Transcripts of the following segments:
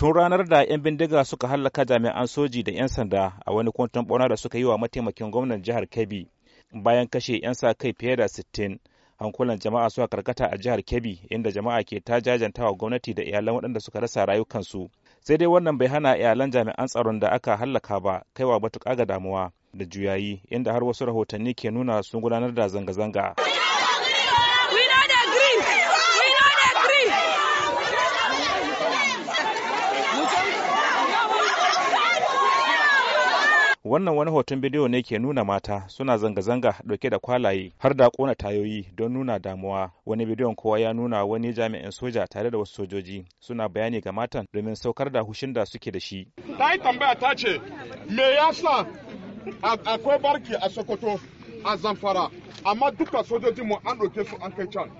tun ranar da 'yan bindiga suka hallaka jami'an soji da 'yan sanda a wani kwanton bauna da suka yi wa mataimakin gwamnan jihar kebbi bayan kashe 'yan sa kai fiye da 60 hankulan jama'a suka karkata a jihar kebbi inda jama'a ke ta jajanta wa gwamnati da iyalan waɗanda suka rasa rayukansu sai dai wannan bai hana iyalan jami'an tsaron da aka hallaka ba kaiwa matuƙa ga damuwa da juyayi inda har wasu rahotanni ke nuna sun gudanar da zanga-zanga. wannan wani hoton bidiyo ne ke nuna mata suna zanga-zanga dauke da kwalaye har da kona tayoyi don nuna damuwa wani bidiyon kowa ya nuna wani jami'in soja tare da wasu sojoji suna bayani ga matan domin saukar da hushin da suke da shi ta yi tambaya ta ce me yasa akwai barki a sokoto a zamfara amma duka sojojinmu mu an ɗauke su an kai can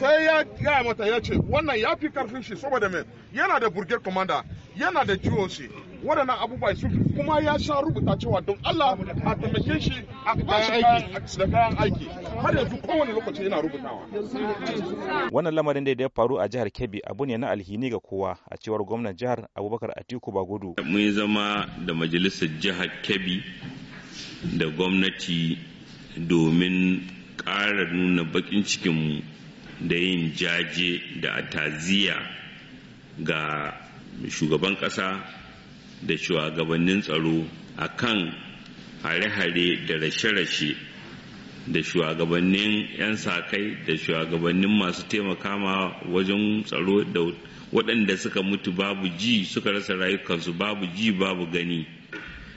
sai ya gaya mata ya ce wannan ya fi karfin shi saboda mai yana da burger commander yana da GOC waɗannan abubuwa su kuma ya sha rubuta cewa don Allah a taimake shi a da kayan aiki har yanzu kowane lokaci yana rubutawa. Wannan lamarin da ya faru a jihar Kebbi abu ne na alhini ga kowa a cewar gwamnan jihar Abubakar Atiku Bagudu. Mun zama da majalisar jihar Kebbi da gwamnati domin ƙara nuna baƙin cikinmu da yin jaje da ataziya ga shugaban ƙasa da shugabannin tsaro a kan hare-hare da rashe-rashe da shugabannin 'yan sakai da shugabannin masu taimaka ma wajen tsaro da waɗanda suka mutu babu ji suka rasa rayukansu babu ji babu gani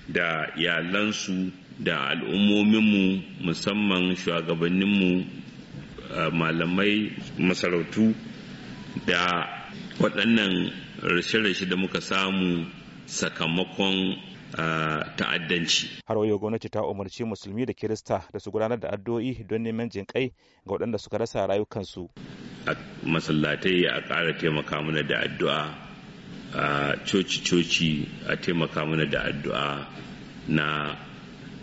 da iyalansu da al'ummominmu musamman shugabanninmu malamai masarautu da waɗannan rashe-rashe da muka samu sakamakon ta'addanci. Har wayo gwamnati ta umarci musulmi da kirista da su gudanar da addu'o'i don neman jinƙai ga waɗanda suka rasa rayukansu. A masallatai a ƙara taimaka mana da addu'a, a coci-coci a taimaka mana da addu'a na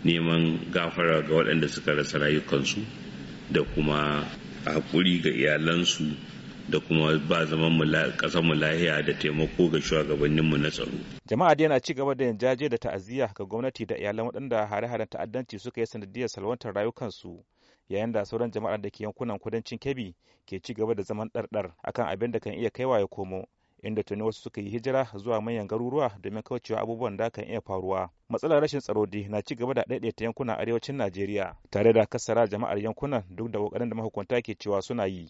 neman gafara ga waɗanda suka rasa rayukansu da kuma haƙuri ga iyalansu da kuma ba zaman mu lahiya da taimako ga shugabannin mu na tsaro jama'a dai na ci gaba da jaje da ta'aziyya ga gwamnati da iyalan waɗanda hare-haren ta'addanci suka yi sanadiyar salwantar rayukansu yayin da sauran jama'ar da ke yankunan kudancin Kebbi ke ci gaba da zaman ɗarɗar akan abin da kan iya kaiwa ya komo inda tuni wasu suka yi hijira zuwa manyan garuruwa domin kaucewa abubuwan da kan iya faruwa. Matsalar rashin tsaro dai na ci gaba da daidaita yankunan arewacin Najeriya tare da kasara jama'ar yankunan duk da kokarin da mahukunta ke cewa suna yi.